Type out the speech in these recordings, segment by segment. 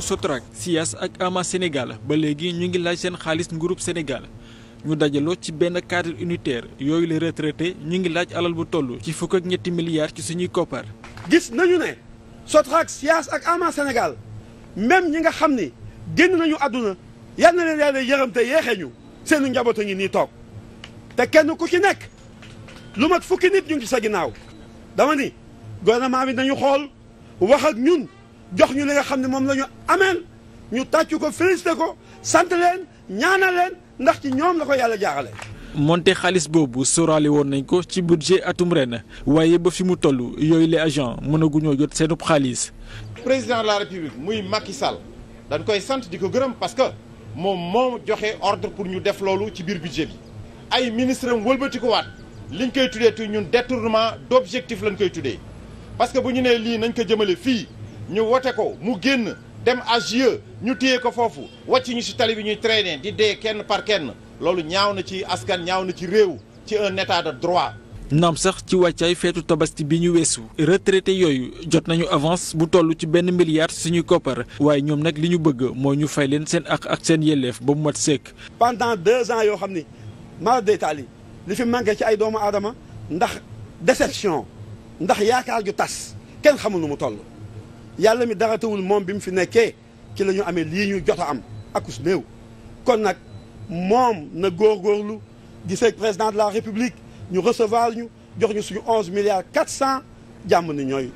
Sotrac SIAS ak AMA Sénégal ba léegi ñu ngi laaj seen xaalis nguurub Sénégal ñu dajaloo ci benn cadre unitaire yooyu la retraité ñu ngi laaj alal bu tollu ci fukk ak ñetti milliards ci suñuy koppar. gis nañu ne Sotrac SIAS ak AMA Sénégal même ñi nga xam ni génn nañu àdduna yal na leen yàlla yërëm te yéexee ñu seen njaboot a ngi nii toog te kenn ku ci nekk lu mat fukki nit ñu ngi sa ginnaaw dama ni gouvernement bi nañu xool wax ak ñun. jox ñu li nga xam ne moom la ñu ameel ñu tàcc ko félicité ko sant leen ñaanal leen ndax ci ñoom la ko yàlla jaaxale monte xaalis boobu sóoraale woon nañ ko ci budget atum ren waaye ba fi mu tollu yooyu les agents mënaguñoo jot seenub xaalis. président de la république muy Macky Sall dañ koy sant di ko gërëm parce que moom moo joxe ordre pour ñu def loolu ci biir budget bi ay ministre am wëlbatikuwaat liñ koy tuddee tu ñun détournement d' objectif lañ koy tuddee parce que bu ñu nee lii nañ ko jëmale fii. ñu wote ko mu génn dem AGE ñu téye ko foofu wàcc ñu ci tali bi ñuy traîner di dee kenn par kenn loolu ñaaw na ci askan ñaaw na ci réew ci un état de droit. naam sax ci wàccaay feetu tabaski bi ñu weesu retraité yooyu jot nañu avance bu toll ci benn milliard suñuy koppar waaye ñoom nag li ñu bëgg moo ñu fay leen seen ak ak seen yelleef ba mu mat sëkk. pendant deux ans yoo xam ni mara détail li fi manqué ci ay doomu aadama ndax déception ndax yaakaar tas kenn xamul nu mu yàlla mi dara tawul moom bi mu fi nekkee ki la ñu amee lii ñu jot am akus néew kon nag moom na góorgóorlu di fekk président de la république ñu recevoir ñu jox ñu suñu onze milliards quatre cent jàmm ni ñooy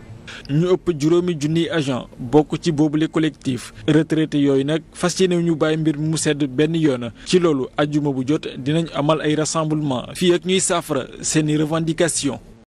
ñu ëpp juróomi junniy agent bokk ci boobule collectif retraité yooyu nag fas yéene ñu bàyyi mbir mu sedd benn yoon ci loolu ajjuma bu jot dinañ amal ay rassemblement fii ak ñuy saafara seeni revendication